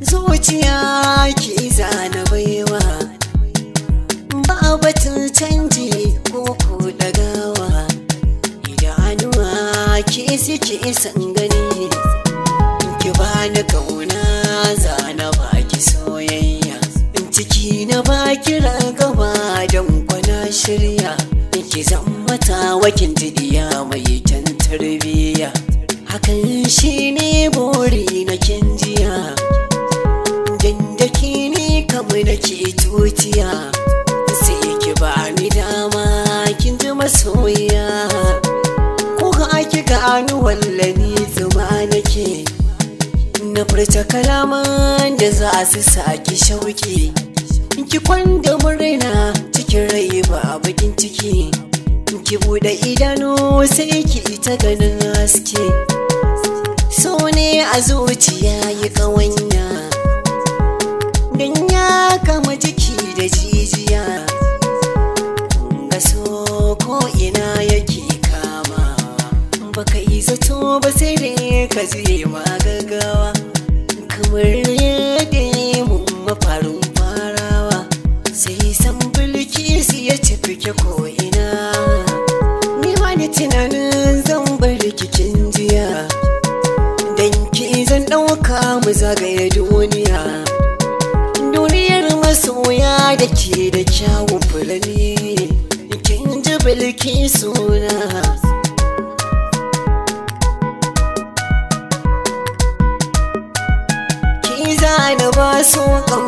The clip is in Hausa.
zuciya ki zana baiwa ba batun canji ko ku dagawa idanuwa ki isi ki isan gani ki bani kauna zana baki soyayya ciki na baki ragaba don kwana shirya ki zan mata wakin jidiya mai can tarbiyya nake tutiya sai ki ba ni dama kin ji masoyiya ko ga ake gano ni zuma nake na furta kalaman da za a su saki shauki ki kwanda murna cikin rai ba bakin ciki ki buɗe idanu sai ki ita ganin haske so ne a zuciya yi kawanya da jijiya gaso ko ina yake kama baka yi zato ba sai da ka je ma gaggawa kamar yadda mun mafarin farawa sai san bulki su ya ci fike ko ina ni wani tunanin zan bar rikikin jiya dan ki zan ɗauka mu zagaya duniya ke da kyawun fulani kin ji bilki suna ki na ba su